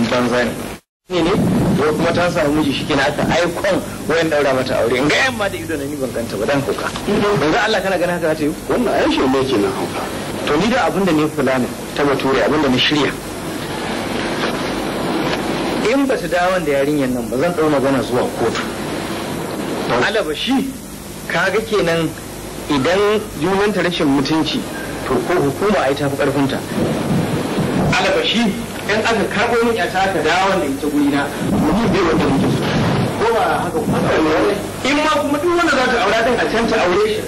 auren banza ne ne ko kuma ta samu miji shi kenan aka aikon wayan daura mata aure in ga yamma da ido na ni ban ganta ba dan kuka ga Allah kana ganin haka ta yi wannan ai shi ne kenan hauka to ni da abin da ne kula ne ta bature abin da na shirya in ba ta dawon da yarinyar nan ba zan ɗau magana zuwa kotu alaba shi kaga kenan idan junanta rashin mutunci to ko hukuma ai ta fi karfinta. alaba shi in aka karɓo min yata aka dawo da ita gurina ni bai wanda muke so ko ba haka ba ne? in ma kuma duk wanda za ta aura din a can aure shi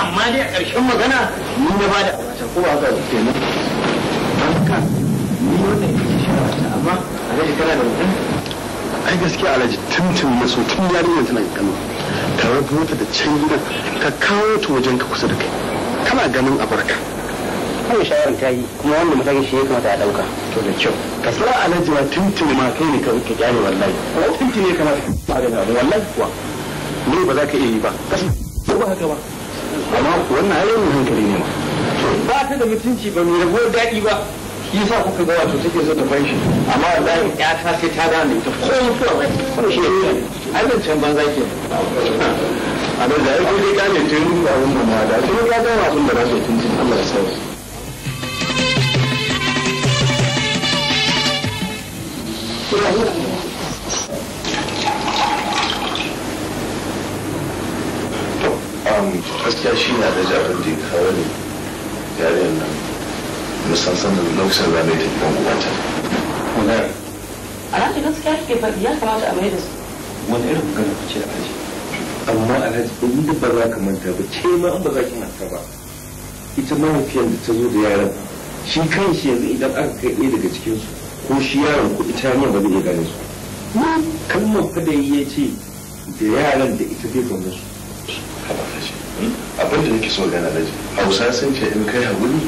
amma dai a ƙarshen magana ni na bada da aure ko ba haka kenan don haka ni wannan ita ce shawara ta amma alhaji kana da mutum ai gaskiya alhaji tuntun na so tun yarinyar tana kano ka rabu da can gidan ka kawo ta wajen ka kusa da kai kana ganin abarka kawai shawarar ta yi kuma wanda mutane shi ya kamata ya dauka To da kyau. Ka sa alhaji ma tuntun ma kai ne ka gyare wallahi. Ko tuntun ne kamata ka magana wallahi kuwa. Ni ba za ka iya yi ba. Kasu ko ba haka ba. Amma wannan ayyukan hankali ne ma. Ba ta da mutunci ba mai rabuwar daɗi ba. shi sa kuka ga wato take zo ta fanshi amma wallahi ya ta sai ta gane ta ko komai ko shi ne ai zan can banza ke a da zai ko dai gane tun ba wannan ma da tun ga da abin da za su tunci Allah ya sauke gaskiya shi na da jarin da ya kawo ne yaren nan musamman da lokacin da mai tafiyan uwata wallahi a ranar gaskiya ke faɗi ya kamata a mai da su wani irin magana ku ce alhaji amma alhaji in da ba za ka manta ba ce ma an ba za ki manta ba ita mahaifiyar da ta zo da yaran shi kan shi yanzu idan aka kai ɗaya daga cikinsu ko shi yaron ko ita ne ba zai iya gane su kalmar fa da ya ce da yaran da ita zai zaune su abin da nake so gana da hausa sun ce in kai haƙuri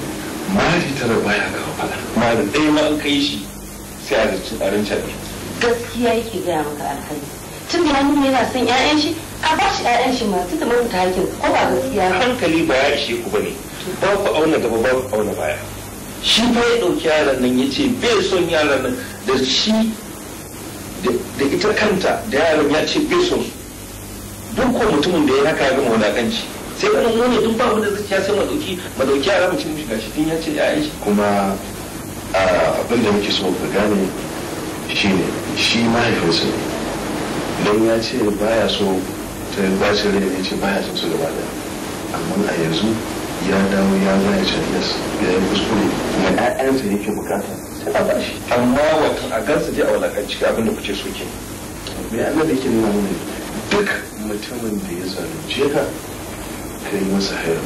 mari tara baya ga fada mari ɗaya ma an kai shi sai a rincin a rincin gaskiya yake gaya maka alkali tun da hannun yana son 'ya'yan shi a ba shi 'ya'yan shi ma tun da hakin ko ba gaskiya hankali ba ya ishe ku ba ne ba ku auna gaba ba ku auna baya shi fa ya ɗauki yaran nan ya ce bai son yaran nan da shi da ita kanta da yaran ya ce bai son duk ko mutumin da ya haka ya gama wulakanci sai ganin wani duk ba wanda zai ya sai ma ɗauki yaran mutum shi gashi din ya ce ya shi kuma abin da muke so ka gane shi ne shi mahaifinsa ne don ya ce baya so ta bashi rai ne ce baya so su gaba da amma a yanzu ya dawo ya zai shari'as ya yi kuskure kuma ƴaƴansa yake bukata sai a bashi amma wata a gansa je a walakanci abin da kuce so ke me Allah da yake nuna mana duk mutumin da ya zalunce ka kai masa hayar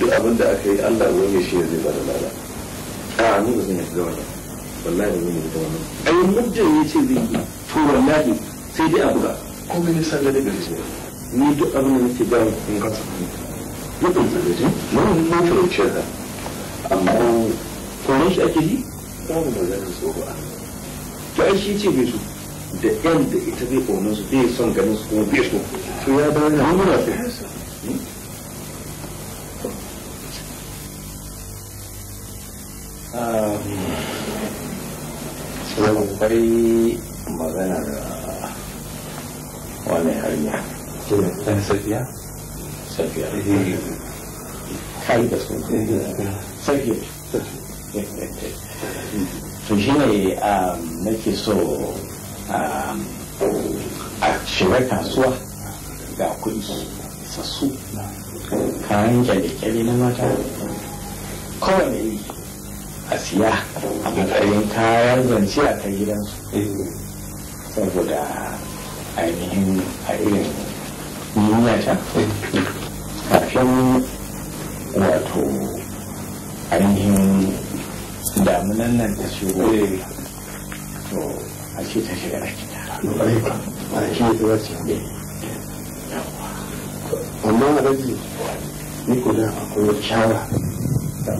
duk abin da aka yi Allah ruwan shi zai bada lada a ni ba zan yarda wannan wallahi ba zan yarda wannan ai ya ce zai yi to wallahi sai dai a ga komai ne sallah da gari ne ni duk abin da nake ga in kasa mutum zalajin wani mun fahimci haka amma kwanan shi ake yi babu maganin tsoro a to ai shi ce bai so da yan da ita bai ƙaunar su bai son ganin su kuma bai so to ya bayar da hamura su Salamu hmm? kwai maganar wani hariya. Kina ɗan safiya? safiya kai da su safiya to shi ne nake so um, a shigar ga kuɗi sassu kayan na mata kowane iri a siya a matsayin kayan zance a ta saboda ainihin a irin wata. cikin wato ainihin damunan nan ta shigo eh. to a ce ta shiga da kita eh. amma a rage ni ko da akwai wata shawara ne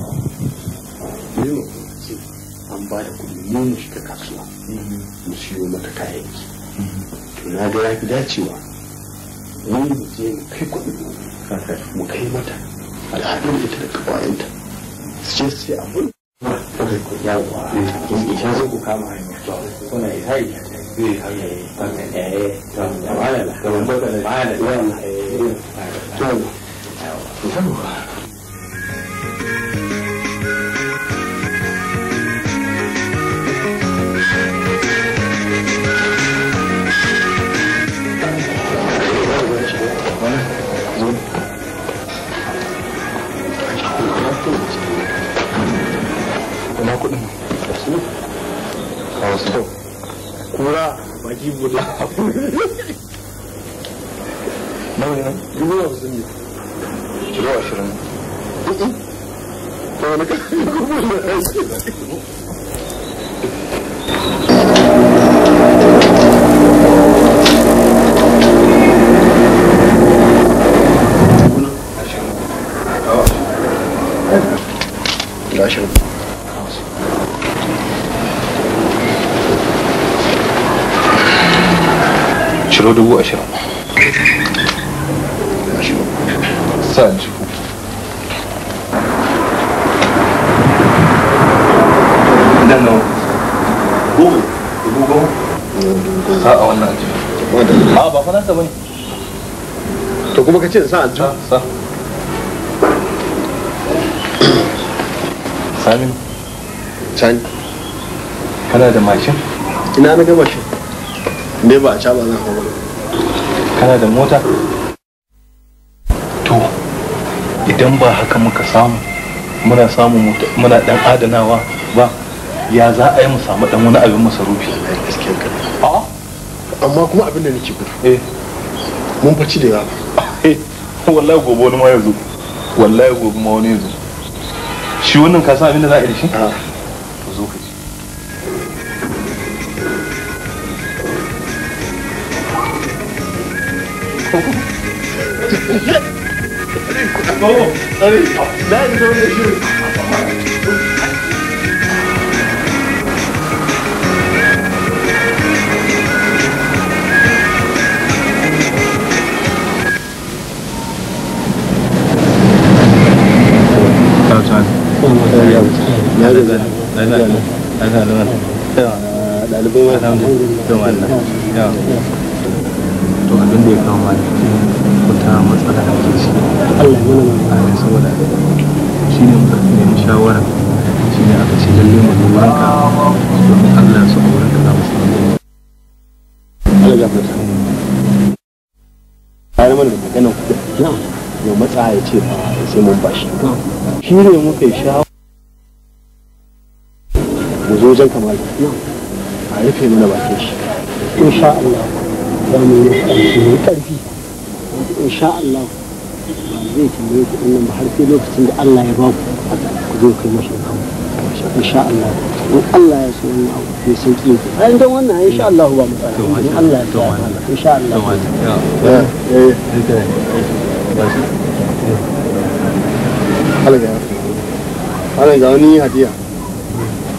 mu an ba da kuɗi ne mu shiga kasuwa mm-hmm. mu siyo mata kayayyaki mm-hmm. to na ga ya fi dacewa mu je mu kai kuɗi mu kai mata al'adun ita da kawayenta su ce su ce abin kai ku yawa isa su ku kama hanya kuna isa isa ta ina kuɗin nan kawo su kura baki buda na wani nan dubu hamsin ne kilo ashirin ta wani kafin kuma da aiki Спасибо. ciro dubu ashirin nawa dubu wannan ba fa to kuma ka ce da aljihu sa samin can kana da mashin ina na ga mashin dai ba a ca ba zan hau ba. kana da mota to idan ba haka muka samu muna samu muna dan adanawa ba ya za a yi mu samu dan wani abin masarufi amma kuma abin da nake gudu eh. mun faci da yawa eh, wallahi gobe wani ma yanzu wallahi gobe ma wani yanzu shi wannan ka san abin da za a yi da shi ah. 老船，来呀，来来来，来来来来？对啊，大路兵吗？他们就就了，对啊。to abin da ya kawo ma ne wata matsala da ke ci Allah ya mana saboda shi ne muka nemi shawara shi ne aka ce lalle mu zo wurinka domin Allah ya so a wurinka za mu samu Allah ya fata har mana da maganar kuɗi ya matsa ya ce ba sai mun bashi shi ne muka sha mu zo jan kamar a rufe mana bakin shi insha Allah za mu yi karatu mai ƙarfi wanda insha Allah zai tambaye ku ɗin ba har lokacin da Allah ya ba ku ku zo kai mashi kawo insha Allah in Allah ya so wani abu mai sauƙi ne a yanzu wannan insha Allah ba matsala in Allah ya so insha Allah. Alaga, alaga wani hadiya.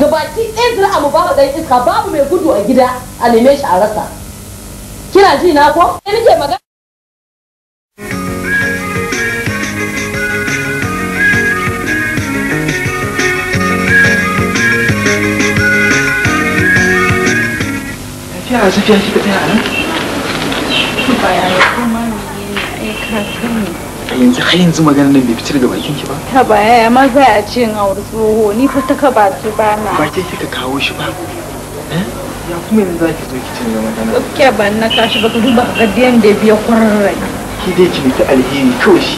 gabaki ɗaya zira mu babu ɗan iska babu mai gudu a gida a neme shi a rasa kina ji na ko sai nake magana Ya, Safiya, ki ɗaya. yanzu har yanzu maganar nan bai fitar da bakin ki ba ta ba yaya ma ya a ce in aure tsoho ni fa ta kaba ce ba na ba ke kika kawo shi ba eh? ya kuma yanzu za ki zo ki canza magana ke ban na kashi ba ka duba ka ga yanda ya biya kwararrai ki dai ki nufi alheri kawai shi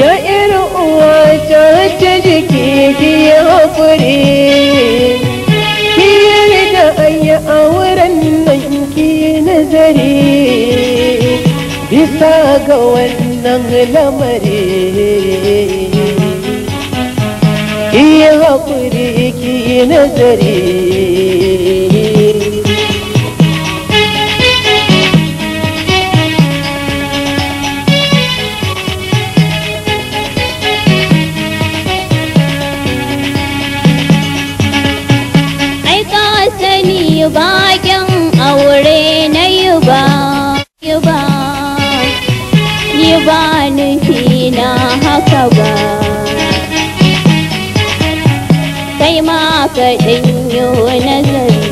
ya irin uwa ta jiki ki ya hakuri bisa ga wannan lamari iya haƙuri ki nazari raba kai ma ka ɗanyo nazari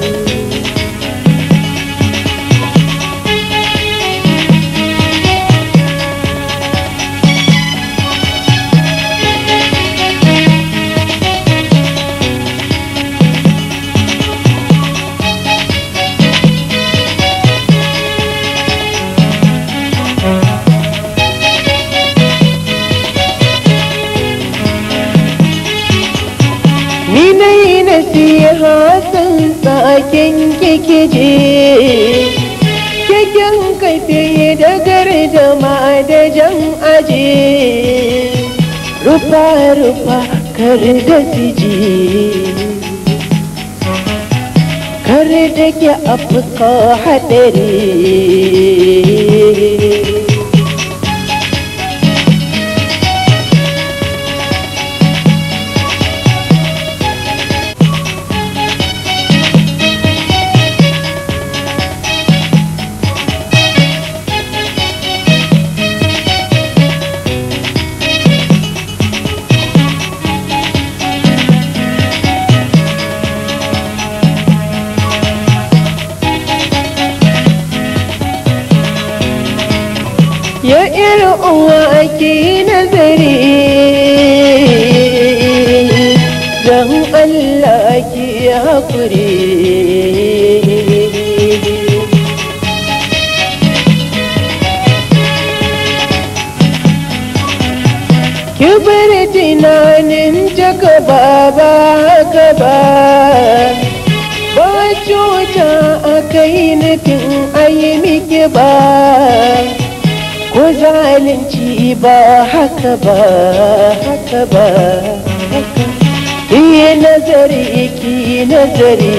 रूपा रूपा कर दीजिए कर दे क्या अब कहा तो तेरी ba ko zalunci ba haka ba haka ba haka ki nazari ki nazari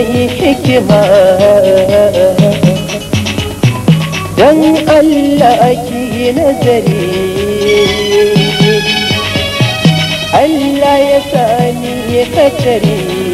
yi hikima don Allah ki nazari Allah ya sani ya katare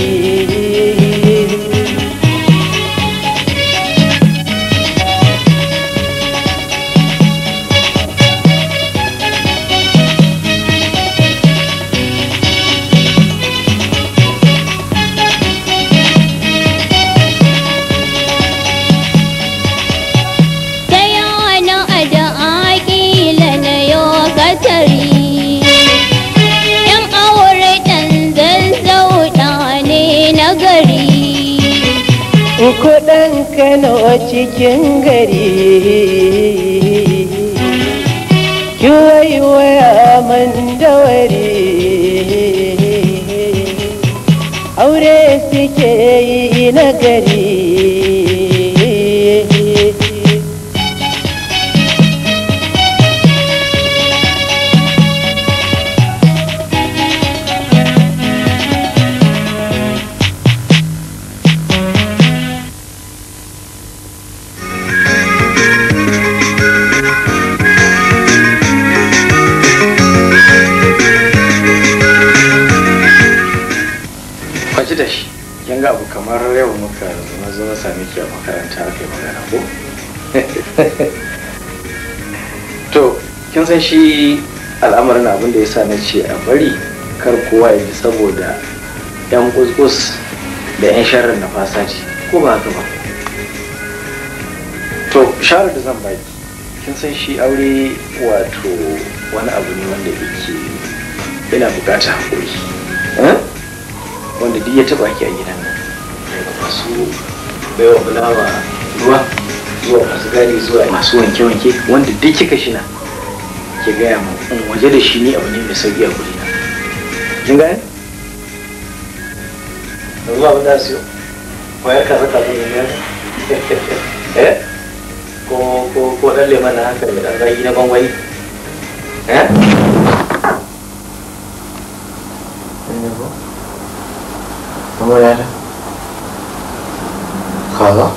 cikin gari san shi al'amarin abin da ya sa na ce a bari kar kowa ya ji saboda yan kuskus da yan sharar na fasa ce ko ba haka ba to sharar da zan baki kin san shi aure wato wani abu ne wanda yake yana bukata hakuri eh? wanda duk ya taba ki a gidan nan daga masu baiwa fulawa ruwa zuwa masu gari zuwa masu wanke-wanke wanda duk kika shina ke gaya mu in waje da shi ne abu ne mai sauki a guri na kin gane Allah ba da su wayar ka saka su ne eh ko ko ko dan leman na haka da dan zagi na bangwai eh Kaza?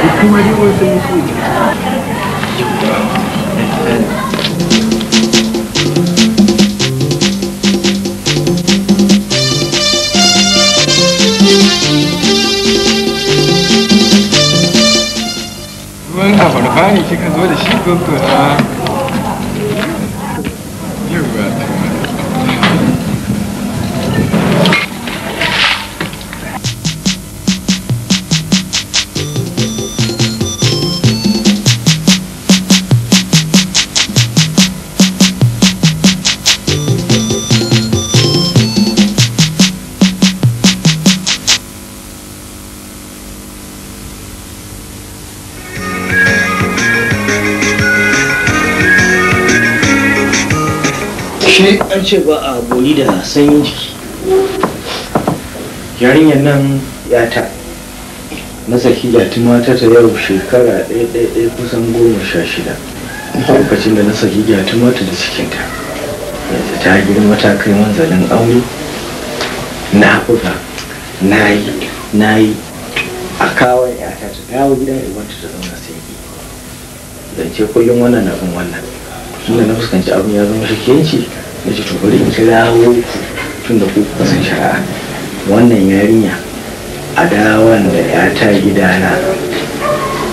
我们打好了牌，你去看桌子西哥哥啊。ce ba a boli da sanyin jiki yarinyar nan ta na saki gyatima ta ta yau shekara ɗaya ɗaya kusan goma sha shida lokacin da na saki gyatima ta da cikinta yanzu ta girma ta kai manzalin aure na buga na yi na yi a kawai 'ya' ta ta dawo gidan ibanta ta zauna sai zance kullum wannan na bin wannan tunda na fuskanci abin ya zama shikenci bari kirawo ku tun da ku kusan shari'a wannan yarinya a dawon da ya ta gidana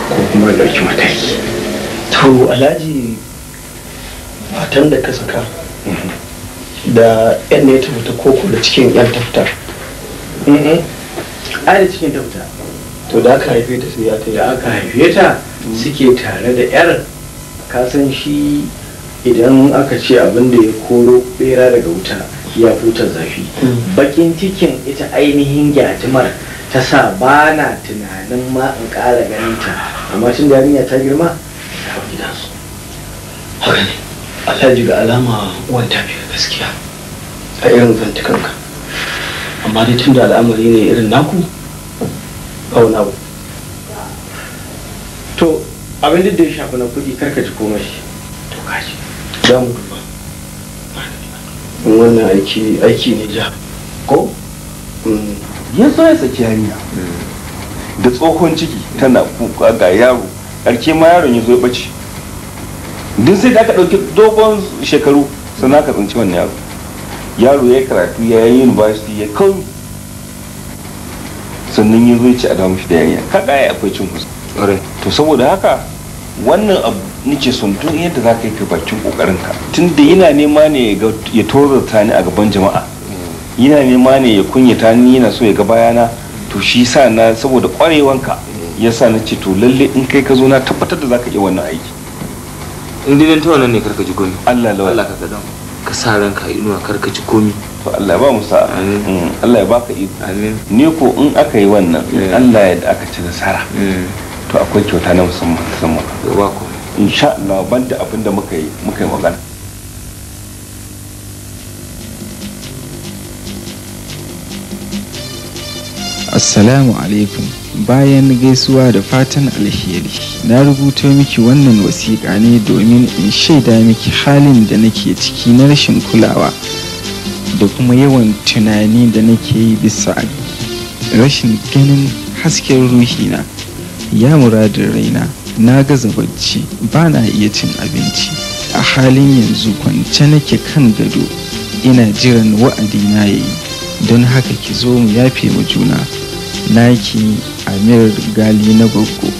ko kuma ɗauki mataki to alhaji matan da ka saka mm-hmm. da yan ne ta fita koko da cikin yan ta fita mm-hmm. ai da cikin ta fita to da aka haife ta sai ya ta da aka haife ta mm. suke tare da yar ka san shi idan aka ce abin da ya koro bera daga wuta ya huta zafi mm. bakin cikin ita ainihin gyatumar ta sa ba na tunanin ma in ƙara ganinta. amma tun da yarinya ta girma ta hau gidansu haka ne alhaji ga alama wani ta fi gaskiya a irin zantukanka amma dai tun da al'amari ne irin naku naku. to abin da ya shafi na kuɗi karkaci ji komai dan wannan aiki aiki ne ja ko mm. ya zo ya saki hanya da tsohon ciki tana kuka ga yaro ƙarshe ma yaron ya zo ya ɓace duk sai da aka ɗauki dogon shekaru sannan aka tsinci wannan yaro yaro ya karatu ya yi university ya kawo sannan ya zo ya ci a damu shi da yanya kaga ya akwai cin kusa to saboda haka wannan abu nice son tun yadda za ka yi kokarin ka tun da yana nema ne ya tozarta ni a gaban jama'a yana nema ne ya kunyata ni yana so ya ga bayana to shi sa na saboda kwarewanka ya sa na ce to lalle in kai ka zo na tabbatar da za ka yi wannan aiki in dai ta wannan ne karka ji komi Allah lawa Allah ka kadan ka sa ranka inuwa karka ji komi to Allah ya ba mu sa'a mm, Allah ya baka iko amin ne ko in aka yi wannan eh. Allah ya aka ci nasara eh. to akwai kyauta na musamman musamman ba ku in sha Allah da abin da muka yi muka yi magana Assalamu alaikum bayan gaisuwa da fatan alheri na rubuto miki wannan wasiƙa ne domin in shaida miki halin da nake ciki na rashin kulawa da kuma yawan tunani da nake yi bisa rashin ganin hasken ruhina ya muradin raina na gaza bacci ba na iya cin abinci a halin yanzu kwance nake kan gado ina jiran wa'adi na yi don haka ki zo mu yafe mu juna naki amir gali na gogo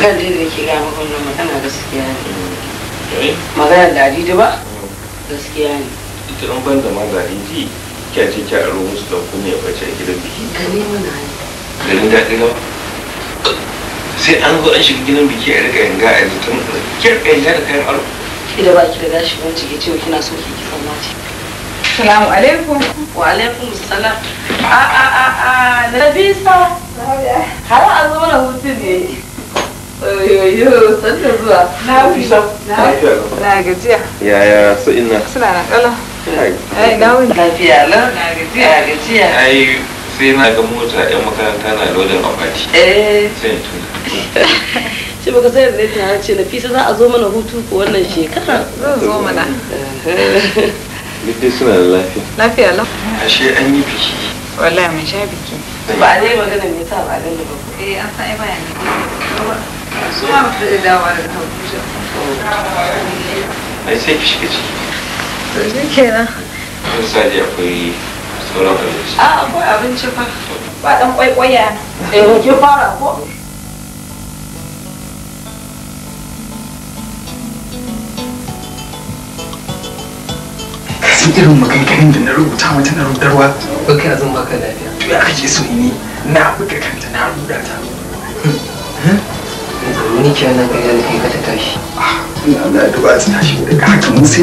magana gaskiya ne eh, da ba oh. gaskiya ne ita ban da ma da kya ce kya aro musu da kuma a bace a gidan biki garin daɗi ba sai an zo an shiga gidan biki a rika yanga a yanzu tun kiyar yanga da kayan aro ki ba ki da gashi wani cike cewa kina so ki ki mace salamu alaikum wa alaikum salam a a a a nabisa har a zo na hutu ne Oyoyo, san da zuwa. Na fi. Na gajiya. Yaya su ina? Suna na kala. lafiya lau na gajiya gajiya ai sai na ga mota yan makaranta na lodin akwati eh sai tuna shi baka sai da ta ce na fisa za a zo mana hutu ko wannan shekara zan zo mana eh. duk dai suna da lafiya lafiya lau ashe an yi biki wallahi mun sha biki ba dai magana me sa ba dan da ba eh an san ai bayan ne su ma ba su da dawo da tauki ai sai ki shiga ciki kenan misali akwai sauran abinci a akwai abinci fa ba dan kwaikwaya eh ki fara ko sun irin maganganun da na rubuta mata na rudarwa ba kai azan baka lafiya to ya kake so ni na buga kanta na ruda ta ni kenan ga yadda kai ka ta tashi ina na duba ta tashi daga haka mun sai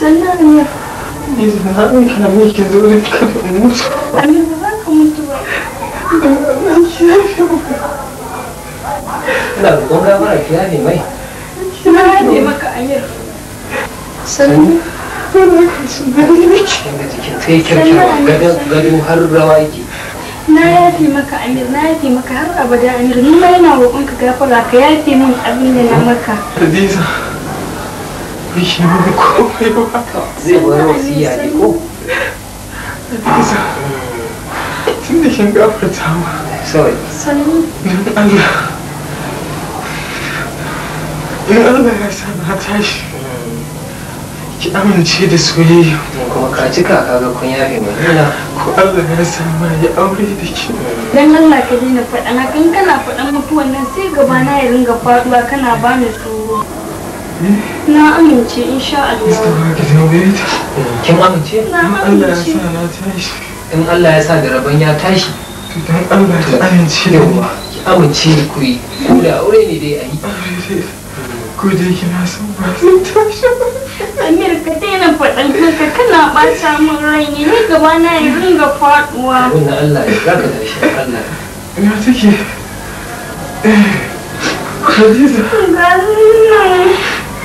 sannan ne yanzu kana mai ke zo ne ka ba za ka mutu ba na ki ya ne mai maka amir har rawa yake na yafe maka amir na maka har abada amir ni ma yana roƙon ka gafara ka yafe min abin da na maka shi ne komai ba zai bar wasiya ne ko tun da kin gafarta ma sorry in Allah in Allah ya sa ki amince da soyayya ko Allah ya sa ma ya aure da ki dan Allah ka na faɗa na kan kana faɗan mutuwan nan sai gaba na ya ringa faɗuwa kana bani tsoro Na amince insha Allah. Kin amince? Na amince. In Allah ya sa da rabon ya tashi. Dan Allah ta amince da Ki amince ku yi. Ku da aure ne dai a yi. Ko dai kina son ba zan tashi. Amir ka daina faɗan haka kana ɓata min rai ne ni gaba na ya ringa faɗuwa. Wannan Allah ya zaka da shi Allah. Ina take. Eh, Khadija. Ga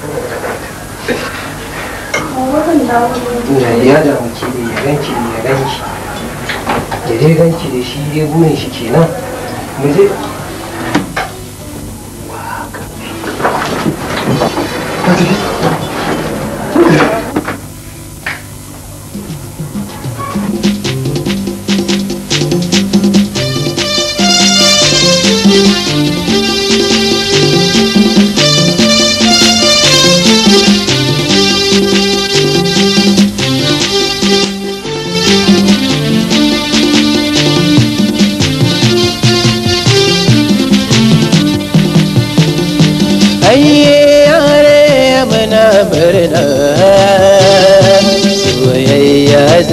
ya da muke da ya ganki da ya ganki da dai ganki da shi dai burin shi kenan mu je Thank you.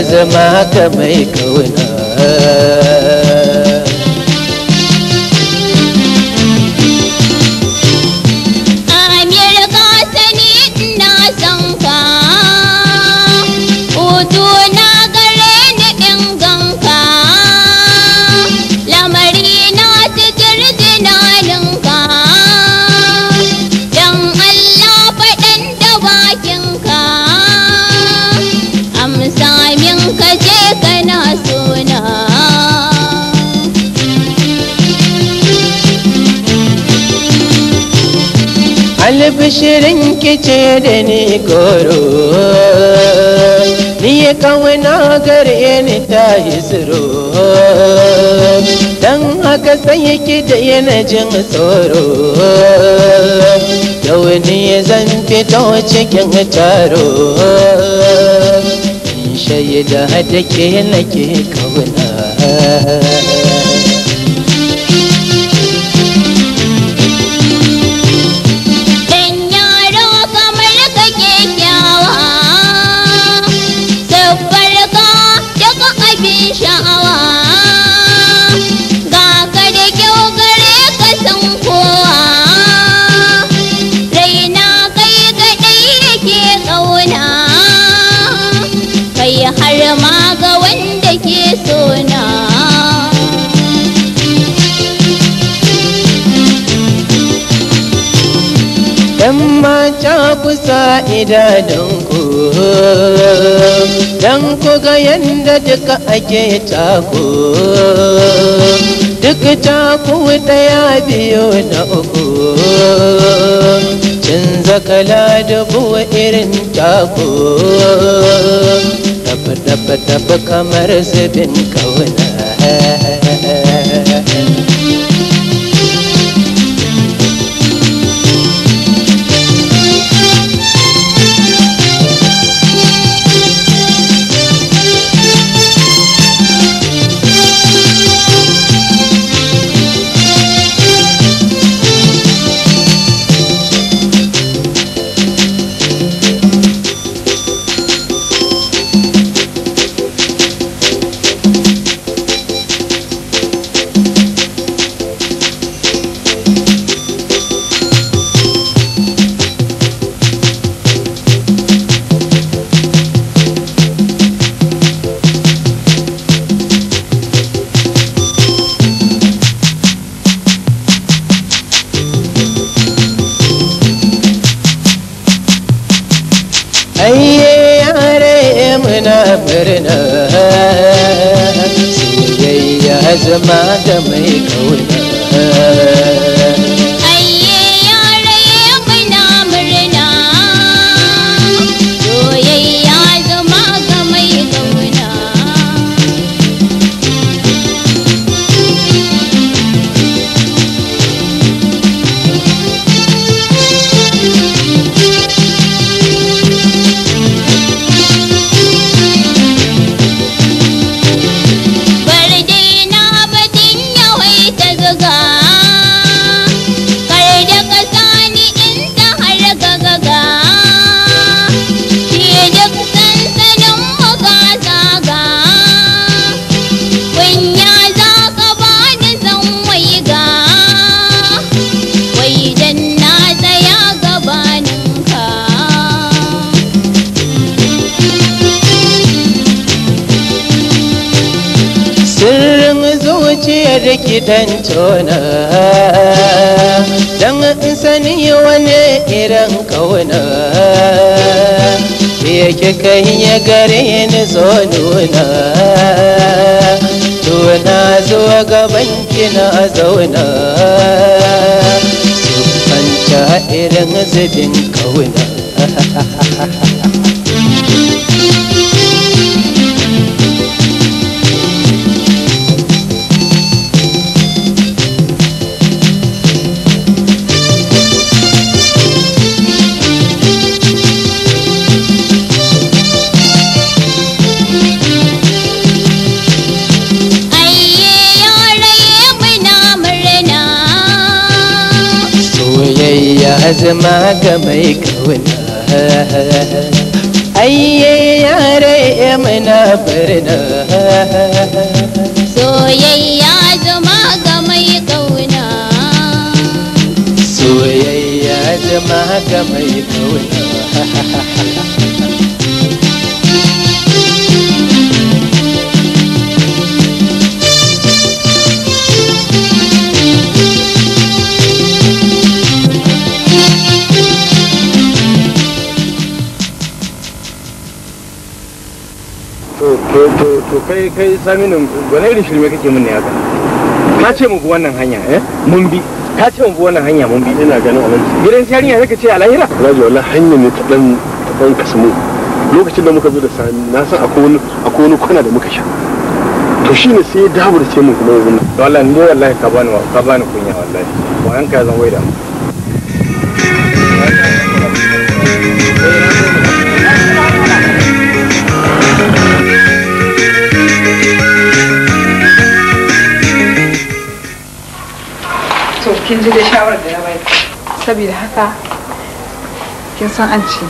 azama kamai kawai shirin kice da ni goro ni ya kawai na gare ni ta tsoro don haka sai ki da yana jin tsoro yau ni zan fito cikin taro in shaida da ke nake kauna kusa idanunku don ku ga yadda duka ake taku duk taku daya biyu na uku cin zakala dubu irin taku tafi tafi tafi kamar zubin kauna make a wish. tantona don in sani wani irin kauna ya kai ya gare ni zo nuna tuna zuwa gaban kina zauna su fanta irin zubin kauna zama ga mai kauna ayye yare ya muna birna soyayya zama ga mai ƙauna soyayya zama ga mai kauna kai kai sami nan wani irin shirme kake mun ne haka ka ce mu bi wannan hanya eh mun bi ka ce mu bi wannan hanya mun bi ina ganin abin gidan yarinya ka ce alahira lahira alhaji wallahi hanya ne ta dan ta dan kasmu lokacin da muka zo da sani na san akwai wani akwai wani kwana da muka sha to shine sai ya dawo da ce mun kuma yanzu wallahi ne wallahi ka bani ka bani kunya wallahi wa an ka zan waida mu kin ji da shawarar da na bai saboda haka kin san an ce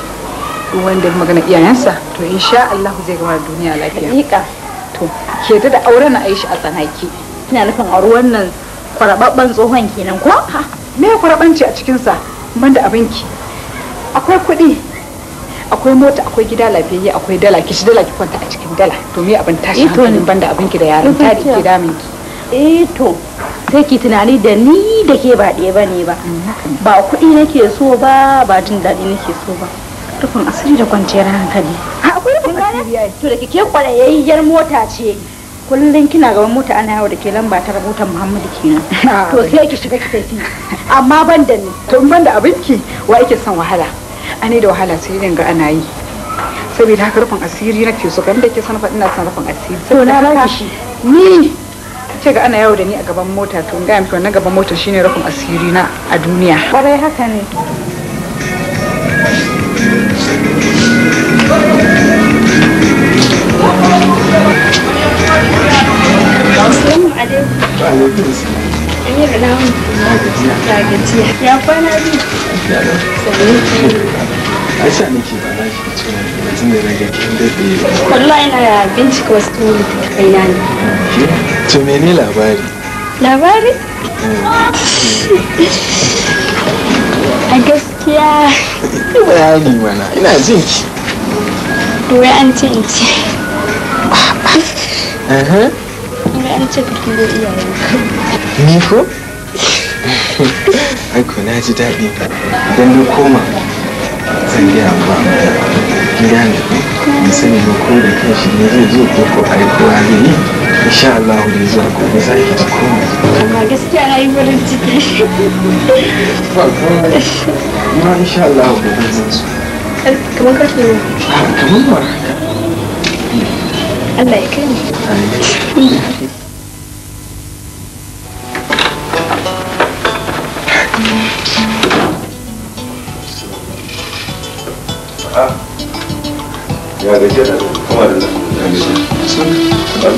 wanda magana iyayensa to insha Allah zai gama da duniya lafiya hakika to ke da auren na Aisha a tsanaki ina nufin auren wannan kwarababban tsohon kenan ko me kwarabanci a cikin sa ban da abinki akwai kuɗi akwai mota akwai gida lafiyayye akwai dala ki shi dala ki kwanta a cikin dala to me abin tashi eh, hankalin ban da abinki da yaran tari ki eh to sai ki tunani da ni da ke ba ɗaya ba ne ba mm, ba kuɗi nake so ba ba jin daɗi nake so ba rufin asiri da kwanciyar hankali akwai rufin asiri to da kike kwarayayyar mota ce kullum kina gaba mota ana yawo da ke lamba ta rubuta muhammadu kenan to sai ki shiga ki tafi amma ban da ni to in ban da abinki wa yake son wahala ani da wahala sai dinga ana yi saboda haka rufin asiri nake so kan da ke son faɗi na son rufin asiri to na shi? ni ce ga ana yawo da ni a gaban mota to ga miki wannan gaban mota shine rufin asiri na a duniya kwarai haka ne Ya kwana biyu. Aisha ne ke ba na shi cikin mutum da na gaki ke wallahi na bincika wasu kuma kai na ne to mene labari labari eh. a gaskiya bayani mana ina jin ki to wai an ce in ce wai an ce ka kilo iyayen ni ko ai ko na ji daɗi don ni koma zan gaya ba mu gane da sani ba ko da kanshi ne zai zo ko ko a insha Allah zuwa ki Amma gaskiya ciki. Ba Ma insha Allah zan eh, Kamar ka ah, Kamar ba Allah ya kai ni. ya gaje da kuma da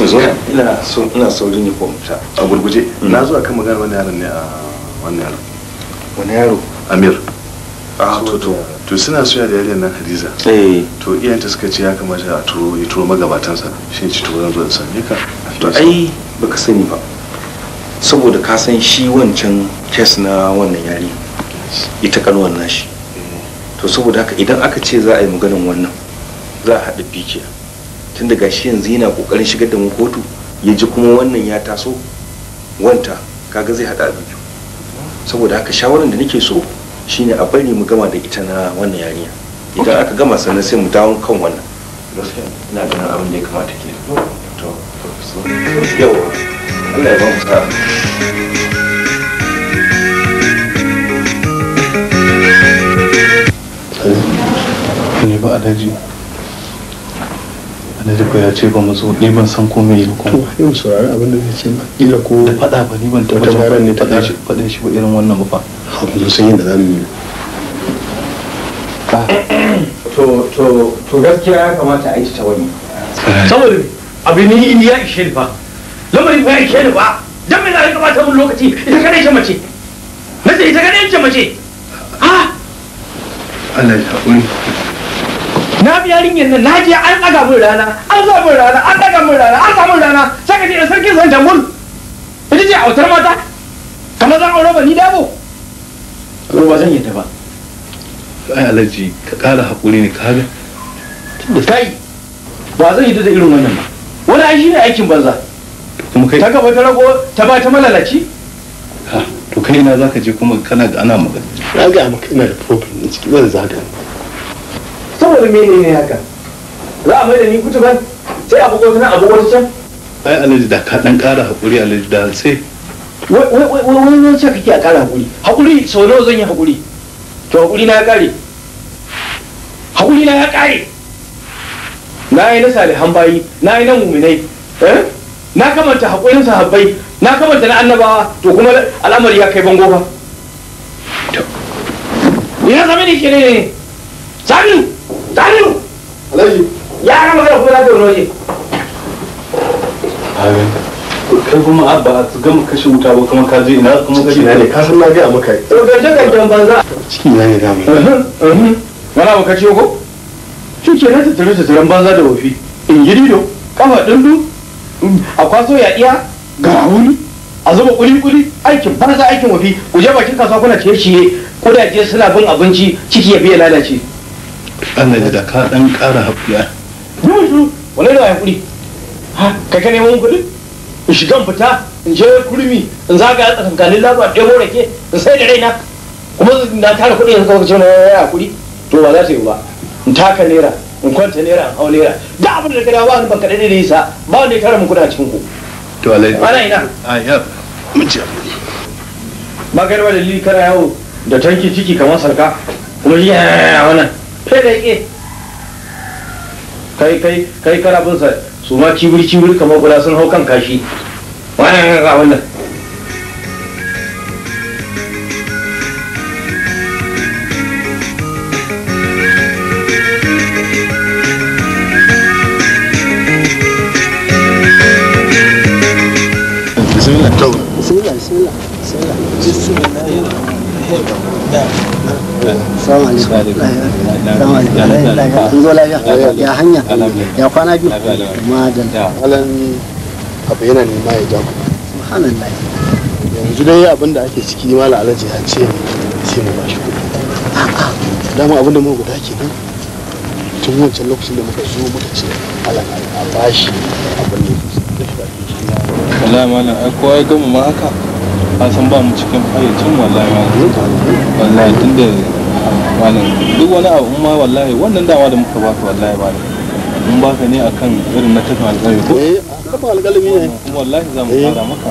nan ina so ina saurin yi komta a gurguje mm. na zuwa kan magana wani yaron ne a wani yaro wani yaro amir a ah, toto. to to suna soya da yaren nan hadiza eh. to iyayenta suka ce ya kamata a turo ya turo magabatansa shi ci turo zan same ka to ai baka sani ba saboda ka san shi wancan kes na wannan yari ita kanuwan nashi eh. to saboda haka idan aka ce za a yi maganin wannan za a haɗa dukiya tun daga shi yanzu yana ƙoƙarin shigar da mu kotu ya ji kuma wannan ya taso wanta kaga zai haɗa biyu saboda haka shawaran da nake so shine a bari mu gama da ita na wannan yarinya idan aka gama sannan sai mu dawo kan wannan ina ganin abin da ya kamata ke to Yau, Allah ya ba mu sa'a ne ba a daji ko ya ce ba mu zo ni ban san komai yi kuma to yi saurari abin da zai ce ba kila ko da fada ba ni ban taba ne ta faɗa shi ba irin wannan ba fa mun san yadda za yi to to to gaskiya ya kamata a yi ta wani eh. saboda abin ni in ya ishe ba fa lamarin ya ishe ni dan me za ka kamata mun lokaci ita kadai mace na ita mace ah Allah ya hakuri na biya yarinyar nan na je an ɗaga min rana an zo min rana an ɗaga min rana an samu rana sai ka ce sarkin san jambul ita ce autar mata kamar zan aure ba ni dabo aure ba zan yi ta ba ai alaji ka kara hakuri ne ka ga tunda kai ba zan yi da irin wannan ba wani ai shine aikin banza kuma kai ta gaba ta rago ta ba ta malalaci to kai na zaka je kuma kana ga ana magana na ga maka ina da problem ne ciki zan zaga abin mene ne haka za a mai da ni kutuban sai a bugo tana a bugo can ai alaji da ka dan kara hakuri alaji da sai wai wai wai wai ce kake a kara hakuri hakuri sau nawa zan yi hakuri to hakuri na ya kare hakuri na ya kare na yi na salihan bayi na yi na muminai eh? na kamanta hakurin sahabbai na kamanta na annabawa to kuma al'amari ya kai bango ba ina zama ne ke ne ne Tariu! Alhaji. Yaran magana kuma za ta wani waje. Kai kuma abba a gama kashe wuta ba kuma ka je ina kuma kashe wuta. Ka san na gaya maka. To ga daga jan banza. Ciki na ne dama. Wala ba ka ciwo ko? Shi ke na tattare tattaren banza da wafi. In yi dido, kafa dundu, a kwaso ya iya, gara wuni, a zuba kuli-kuli, aikin banza aikin wafi, ku je bakin kasuwa kuna ciye-ciye, kudaje suna bin abinci, ciki ya biya lalace. Allah da ka dan ƙara haƙuri. Wani da haƙuri? Ha, kai ka neman kuɗi? In shiga fita, in je kurmi, in zaga a tsakankanin laba ɗebo rake, in sai da raina. Kuma na tara kuɗi yanzu kawai ce na yaya haƙuri. To ba za ta yi ba. In taka naira, in kwanta naira, in hau naira. Da abin da ka dawo ba ni baka daɗe da yasa, ba wanda ya tara min kuɗa cikin ku. To alai. Ana ina. A ya mun ci abin. Ba ka da lili kana yawo da tanki ciki kamar sarka. Kuma yi wannan. fere kai kai kai kana bin sa su ma kibir kibir kamar guda sun hau kan kashi wannan sun zo lafiya ya hanya ya kwana biyu madan alan abu yana nema ya jago subhanallah yanzu dai abin da ake ciki mala alaji ya ce sai mu bashi kuɗi dama abin da mu guda nan tun wancan lokacin da muka zo muka ce alan a bashi abin da ya shafi shi wallahi malam ai kowa ya gama ma haka a san ba mu cikin hayyacin wallahi wallahi tunda wannan duk wani abu ma wallahi wannan dawa da muka baka wallahi ba mun baka ne akan irin na tafi alƙalmi ko eh tafin alƙalami ne wallahi za mu fara eh. maka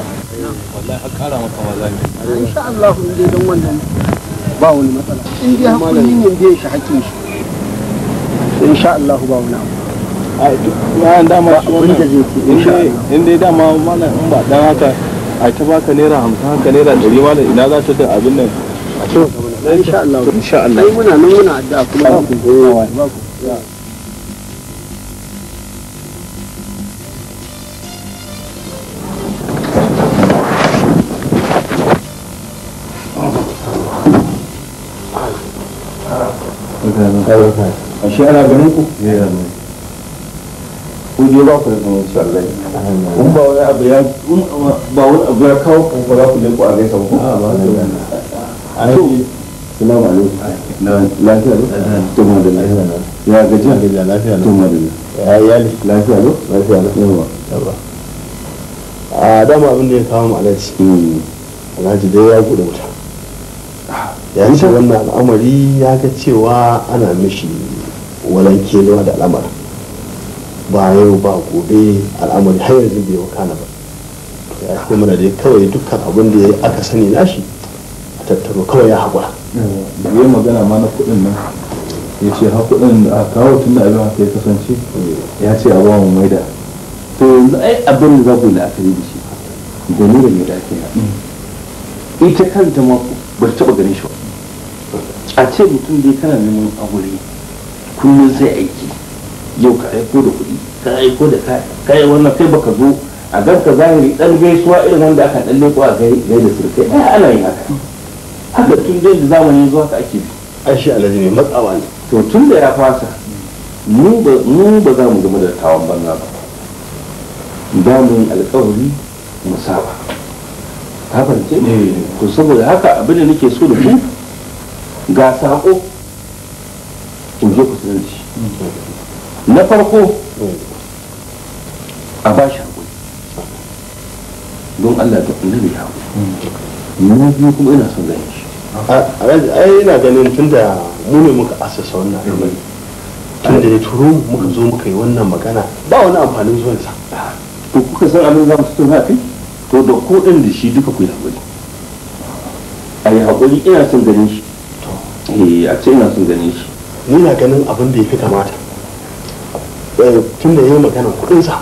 wallahi har kara maka ma za mu insha Allah in dai dan wannan ba wani matsala in dai hakuri ne dai shi hakkin shi insha Allah ba wani abu a bayan dama in dai dama malam in ba dan haka a ta baka naira hamsin haka naira 100 malam ina za ta da abin nan a cikin insha Allah Allah ba wani abu ya kawo za ku je ku a gaisa ku? ya a dama abin da ya kawo mu alaji, hmm. alaji dai ya gudu wuta ya ce wannan al'amari ya ga cewa ana mishi walan kelewa da al'amari ba yau ba gobe al'amari har yanzu bai wakana ba ya ce mana dai kawai dukkan abin da ya aka sani nashi a tattaro kawai ya haƙura da eh, ya magana ma na kuɗin nan ya ce ha kuɗin da aka kawo tun da abin haka ya kasance ya ce a ba mu maida to yanzu ai abin da za ku yi la'akari da shi gani da mai dafi na ita kanta ma ba ta taɓa ganin shi ba a ce mutum dai kana neman aure kullum sai aiki yau ka aiko da kuɗi ka aiko da kai wannan kai baka zo a ganka zahiri ɗan gaisuwa irin wanda aka ɗan leko a gaida surkai ai ana yin haka haka tun dai da zamani zuwa ka ake bi ai shi alaji ne matsawa ne to tun da ya fasa mu ba za mu zama da tawon banza ba za mu yi alkawari mu saba ka fahimce eh. to saboda haka abin da nake so da ku ga sako in zo ku sanar shi na farko a ba shi haƙuri don Allah ta annabi ya haƙuri mm. na biyu kuma ina son ganin shi ai ina ganin tunda mu ne muka asasa wannan al'amari mm. tun da ya turo muka zo muka yi wannan magana ba wani amfanin zuwan sa to kuka san abin za mu tattauna kai to da ko din da shi duka ku yi hakuri ai hakuri ina son ganin shi eh a ce ina son ganin shi ni na ganin abin da ya fi kamata eh, tun da ya yi magana kuɗin sa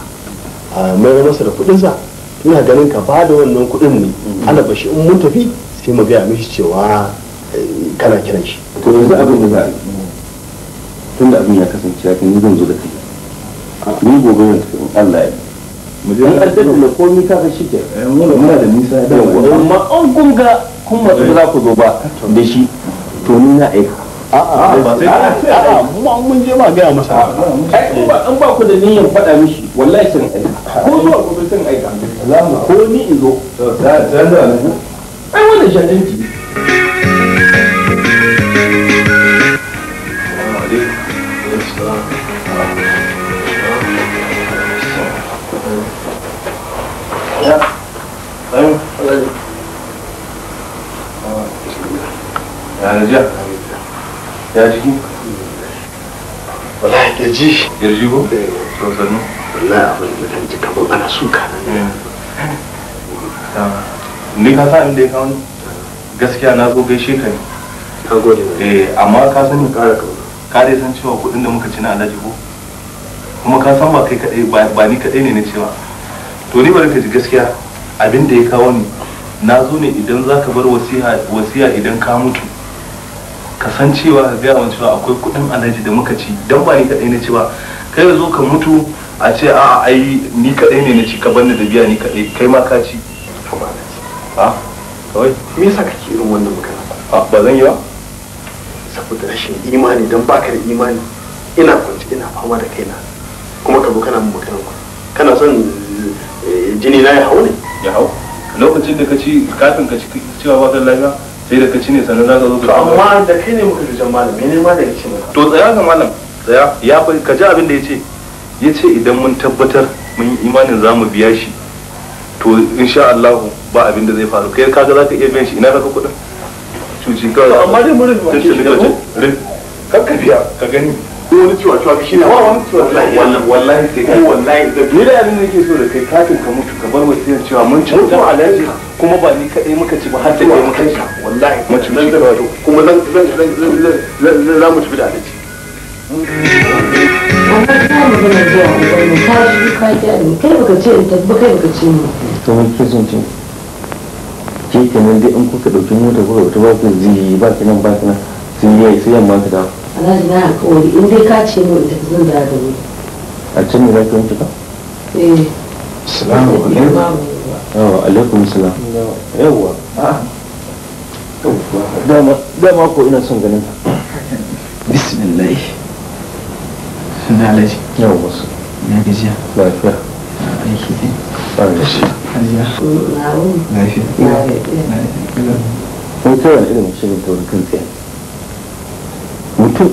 mai masa da kuɗin sa ina ganin ka ba da wannan kuɗin ne mm. ana bashi in mun tafi sai mu gaya mishi cewa eh, kana kiran shi to yanzu abin da za a tun da abin ya kasance ya kan zan zo da kai ah. ni gobe zan ko Allah ya mu an addabi da komai ka ga ke eh, muna da nisa da yawa amma an kun ga kun matsu za ku zo ba da shi to ni na aika a'a ah, ah, ba sai a'a mun je ma ga masa ba an ba ku da niyyar faɗa mishi wallahi sun aika ko zuwa gobe sun aika ko ni in zo da da ai wanda shaɗanci ya jiki Wala da ji yarji ko to sannu wallahi abin da ji kamar ana suka nan ni ka sa inda ya kawo gaskiya na zo gaishe ka ne eh, amma ka sani ka dai san cewa kuɗin da muka ci na alhaji ko kuma ka san ba kai kadai ba ni kadai ne na cewa to ni bari ka ji gaskiya abin da ya kawo ni na zo ne idan za ka bar wasiya idan ka mutu ka san cewa ka gaya wani cewa akwai kuɗin alhaji da muka ci dan ba ni kadai na cewa kai zo ka mutu a ce a'a ai ni kadai ne na ci ka bani da biya ni kadai kai ma ka ci a kawai me yasa kake irin wannan magana a ba zan yi ba saboda rashin imani don baka da imani ina kwanci ina fama da kaina kuma ka zo kana mun magana ku kana son jini na ya hau ne ya hau lokacin da ka ci kafin ka ci cewa ba ka lafiya sai da ka ci ne sannan za ka zo ka amma da kai ne muka rijan malam me ne ma da ya ce mana to tsaya ga malam tsaya ya ka ji abin da ya ce ya ce idan mun tabbatar mun yi imanin za mu biya shi to insha Allahu ba abin da zai faru kai kaga za ka iya biyan shi ina ka kuɗin cuci kawai amma dai mun rufe shi biya ka gani ko wani ciwa ciwa shi ne wa wallahi wallahi sai kai wallahi da ni da abin yake so da kai kafin ka mutu ka bar wasiyar cewa mun ci alaji kuma ba ni kadai muka ci ba har da kai muka ci wallahi mun ci kuma zan zan zan zan za mu ci da alaji kai baka ce in baka ce ni to mun kizon ce shi kenan dai an kuka dauki mota ko wata ba ku zi ba ki nan ba ki nan sai yayi sai yamma ki dawo y'a na kawai in dai ka ce mu in zan da da ni a can ne zaka ki ka eh salamu alaikum alaikum salam ah. dama dama ko ina son ganin ka bismillah gajiya lafiya aiki wani kawai irin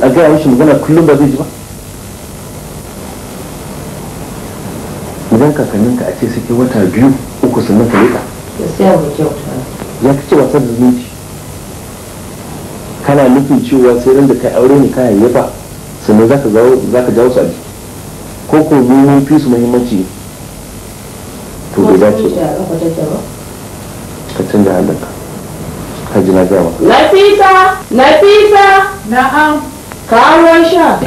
a magana kullum ba zai ji ba idan kakanninka a ce suke wata biyu uku ya kana nufin cewa sai ran da kai aure ne kayan yaba sannan za ka jawo su ko ko su muhimmanci to bai dace ka canza halinka ka ji na gama nafisa nafisa na'am karuwan sha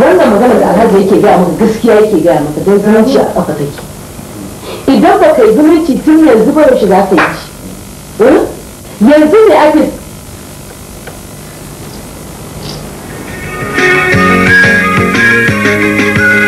wannan magana da alhaji yake gaya maka gaskiya yake gaya maka don zumunci a kafa take idan ba kai zumunci tun yanzu ba yaushe za ka yi shi hmm? yanzu ne ake thank you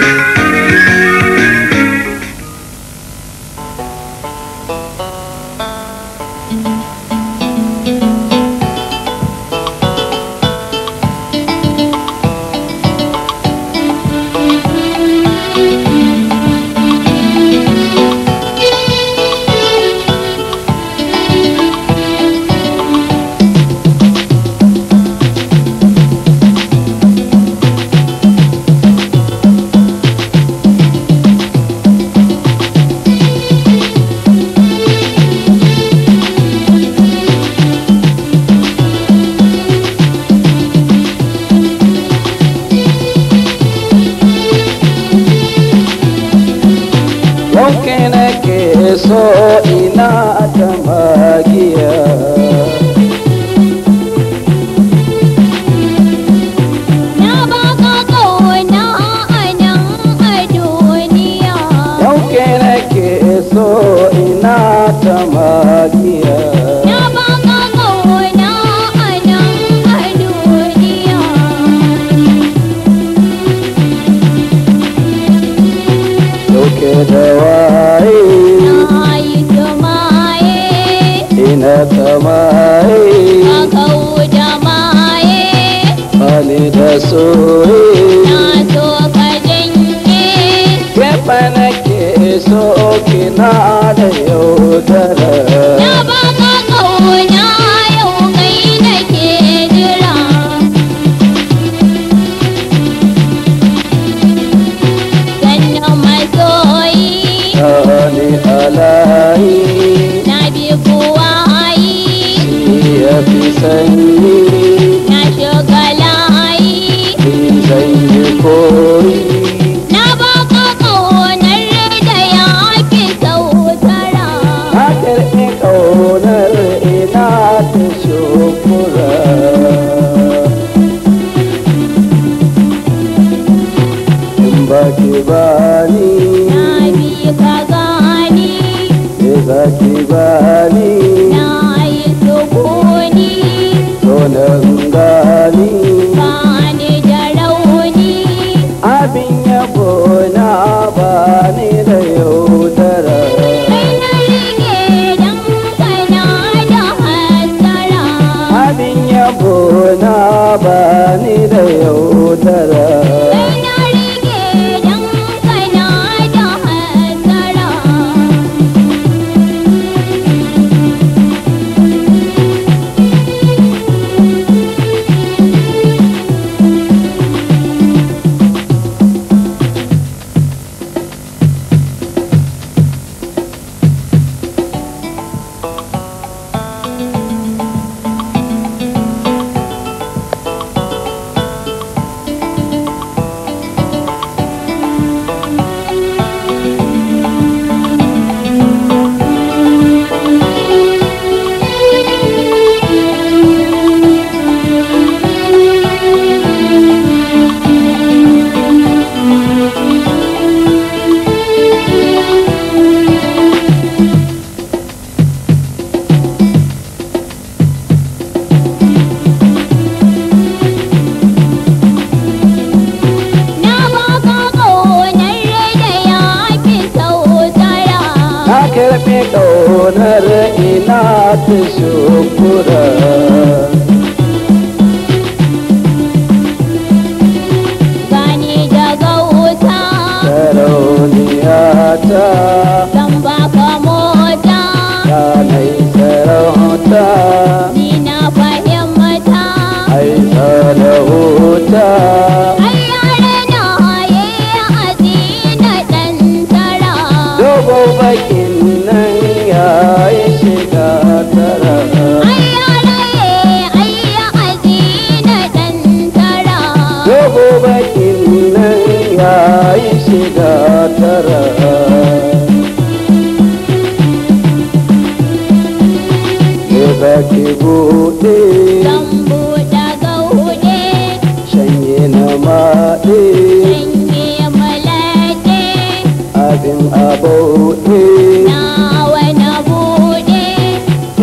abin a bude nawa na bude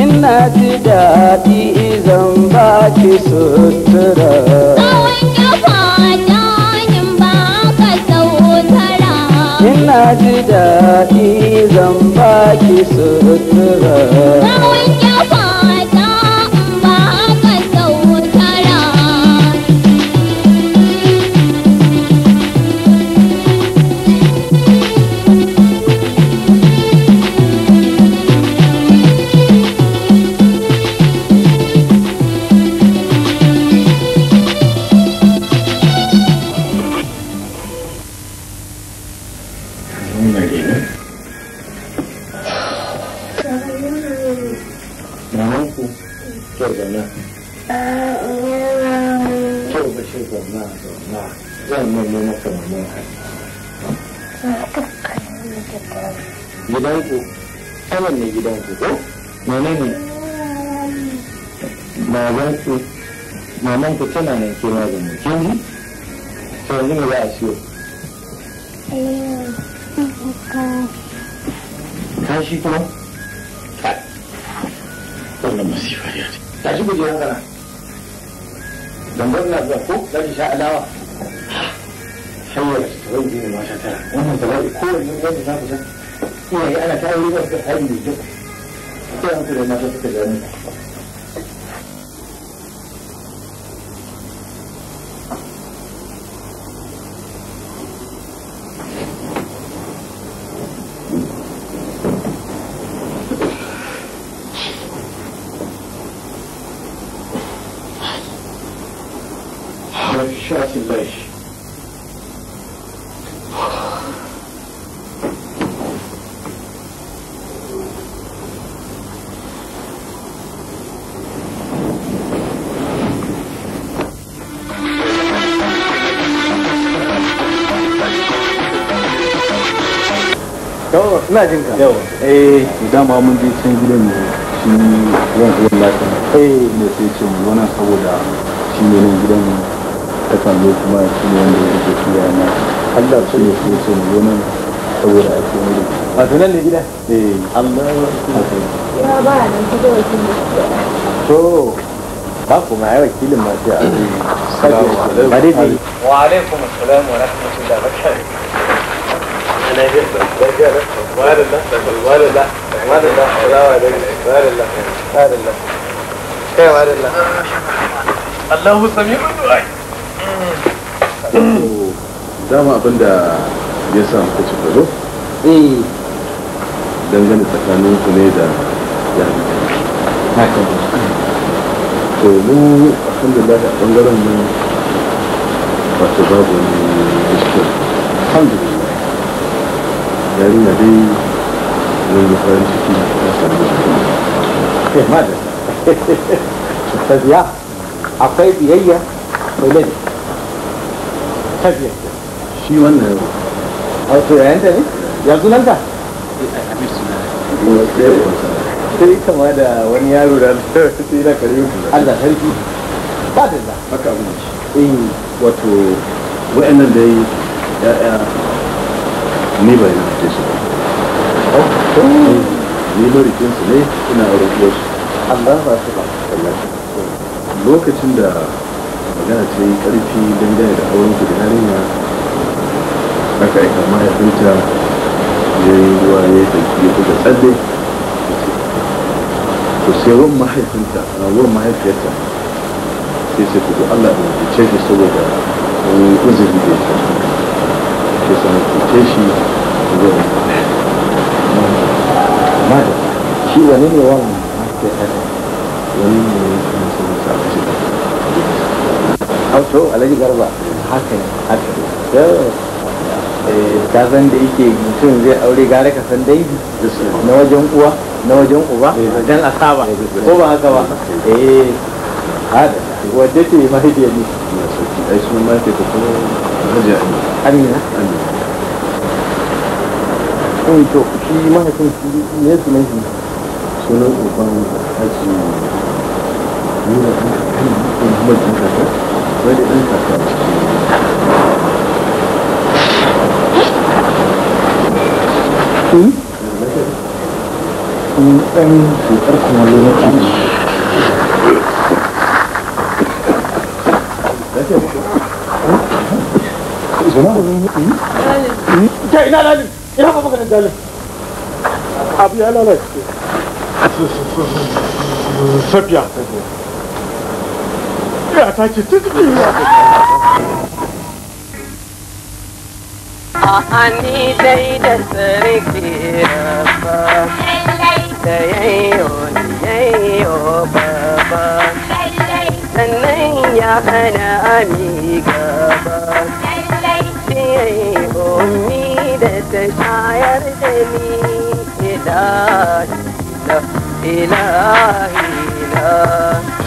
ina ji daɗi zan ba ki sutura Ina ji daɗi zan ba ki sutura. Bawon ya tana nan ke ma da mai kin to yanzu me za a siyo kashi kuma wannan masifa ya ce tashi ku je hankala dangon na zuwa ko za ki sha alawa hanyar su ta wani ne mata tara wannan ta wani kowane wani za ku san ana ta aure ba su ta da jikin ko yanku da mata suka jami'a شاة باش ina jin ka yau eh dama mun je can gidan mu shi ne eh. sai saboda shi ne gidan mu hakan kuma shi ne wanda ya ke shi na Allah ne shi ce mu saboda a ce wuri. a tunan ne gida eh Allah ya ba a nan kuma wakili to ba ku ma ai wakilin ma ce a ba dai dai wa alaikum assalam wa wa barakatuh ana ga barka Allah walala walala dama abin da ya sa muka ci karo eh. dangane tsakanin ku ne da yanayi to mu alhamdulillah a bangaren mu su babu wani muskil alhamdulillah yari na dai mun yi farin ciki na sami shi ma da akwai biyayya mai ladabi tafiya shi wannan a ta ne ya sunan ta sai kama da wani yaro da sai na kare Allah sarki ba da za haka abin shi eh. in wato wa'annan da yi ya'ya ni ba yana ce su oh, ni marikin su ne ina a rukuwarsu Allah ba su ba lokacin da magana ta yi karfi dangane da auren su da yarinya aka aika mahaifinta ya yi ruwa ya yi tafi ya buga tsalle to sai ruwan mahaifinta na wurin mahaifiyarta sai sai ta Allah ya ce shi saboda wani uzuri da ya ce ke ya rikice shi zuwa mahaifiyarta shi wani ne wani mahaifiyarta wani ne ya sai ya a shi. auto alhaji garba haka ne haka ne eh, ka san da yake mutum zai aure gare ka san dai na wajen uwa na wajen uba a asaba ko ba haka ba eh hada wadda ce mahaifiyar ne ai sun mahaifiyar ta kuma hajji amina amina in to shi mahaifin shi ne sunan shi sunan uban hajji nuna ɗan kuma lokaci ina ina abu ya lalace ga ta ki tuki Ahani dai da sarki rafa da yayyo yayyo baba sannan ya hana ami gaba yayyo ummi da ta shayar da ni ilahi ilahi ilahi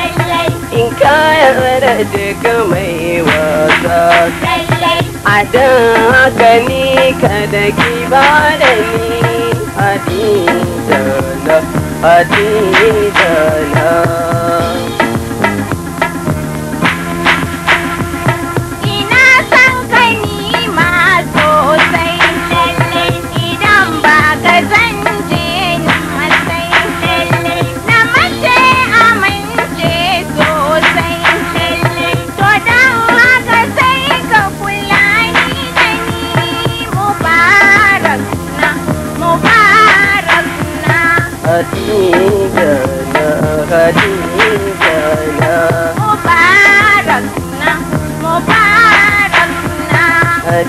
kayar da mai wasa a dan haka ni ka da ba da ni hadizana hadizana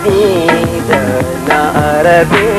ज